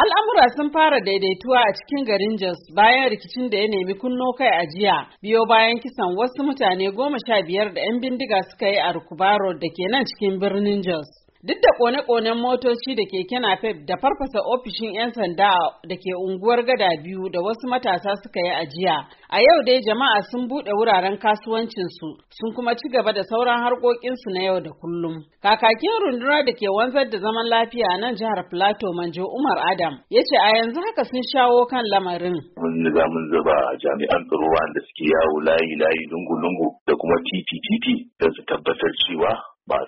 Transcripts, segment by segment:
Al'amura sun fara daidaituwa a cikin garin Jos bayan rikicin da ya nemi kunno kai a jiya biyo bayan kisan wasu mutane goma sha biyar da 'yan bindiga suka yi a Rukubaro da ke nan cikin birnin Jos. Duk da kone-konen motoci da keke napep da farfasa ofishin 'yan sanda da ke unguwar gada biyu da wasu matasa suka yi ajiya, a yau dai jama'a sun buɗe wuraren kasuwancinsu sun kuma ci gaba da sauran harkokinsu na yau da kullum. Kakakin rundunar da ke wanzar da zaman lafiya a nan jihar Plateau Manjo Umar Adam ya ce a yanzu haka sun shawo kan lamarin. Mun riga mun zuba jami'an tsaro wanda suke yawo layi-layi lungu-lungu da kuma titi-titi don su tabbatar cewa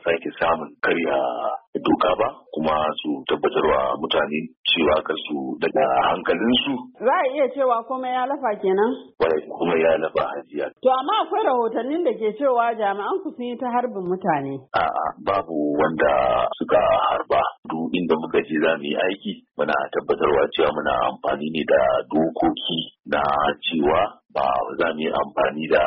sake samun karya doka ba kuma su tabbatarwa mutane cewa karsu su daga hankalinsu. Za a iya cewa komai ya lafa kenan? Wai kuma ya lafa hajiya. To amma akwai rahotannin da ke cewa jami'an ku sun yi ta harbin mutane. A'a babu wanda suka harba. Duk inda muka je za mu yi aiki muna tabbatarwa cewa muna amfani ne da dokoki na cewa ba za mu yi amfani da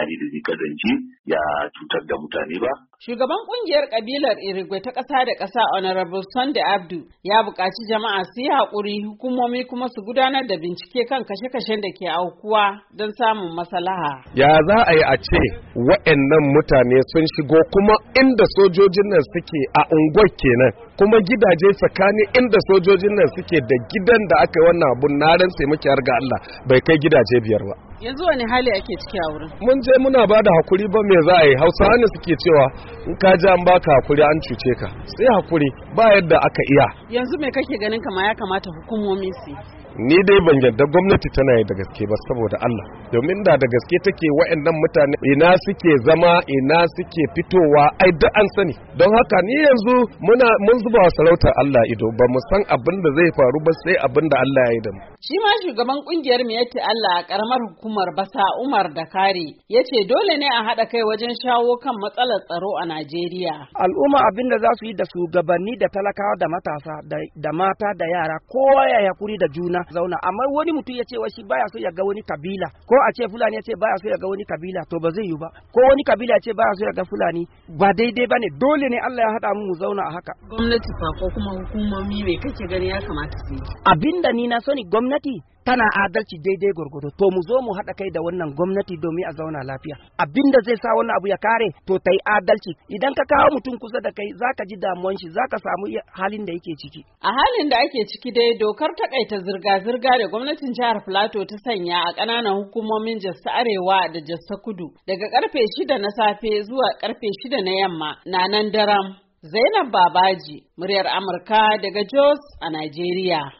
bayani da zai kazance ya cutar da mutane ba. Shugaban kungiyar kabilar Irigwe ta ƙasa da ƙasa Honorable Sunday Abdu ya buƙaci jama'a su yi haƙuri hukumomi kuma su gudanar da bincike kan kashe-kashen da ke aukuwa don samun masalaha. Ya za a yi a ce wa'annan mutane sun shigo kuma inda sojojin nan suke a unguwar kenan kuma gidaje tsakanin inda sojojin nan suke da gidan da aka yi wannan abun na sai muke har ga Allah bai kai gidaje biyar ba. yanzu wani hali ake ciki a wurin mun je muna ba da hakuri ba me za a yi hausawa ne suke cewa in ka ji an baka hakuri an cuce ka sai hakuri ba yadda aka iya yanzu me kake ganin kama ya kamata hukumomi su ni dai ban yarda gwamnati tana yi da gaske ba saboda Allah domin da da gaske take wa'annan mutane ina suke zama ina suke fitowa ai duk an sani don haka ni yanzu muna mun zuba sarautar Allah ido ba mu san abin da zai faru ba sai abin da Allah ya yi da mu shi ma shugaban kungiyar yace Allah a karamar hukumar Basa Umar da Kare yace dole ne a haɗa kai wajen shawo kan matsalar tsaro a Najeriya al'umma abin da za su yi da shugabanni da talakawa da matasa da mata da yara kowa ya hakuri da juna zauna zauna amma wani mutum ya ce wa shi baya so ya ga wani kabila ko a ce fulani ya ce baya so ya ga wani kabila to ba zai yi ba ko wani kabila ya ce baya so ya ga fulani ba daidai bane dole ne Allah ya hada mu mu zauna a haka gwamnati fa ko kuma hukumomi me kake gani ya kamata su yi abinda ni na sani gwamnati tana adalci daidai gwargwado to mu zo mu haɗa kai da wannan gwamnati domin a zauna lafiya abinda zai sa wannan abu ya kare to ta adalci idan ka kawo mutum kusa da kai zaka ji damuwan shi zaka samu halin da yake ciki a halin da ake ciki dai dokar takaita zirga-zirga da gwamnatin jihar Plateau ta sanya a ƙananan hukumomin jasa Arewa da jasa Kudu daga karfe shida na safe zuwa karfe shida na yamma na nan daram Zainab Babaji, muryar Amurka daga Jos a Najeriya.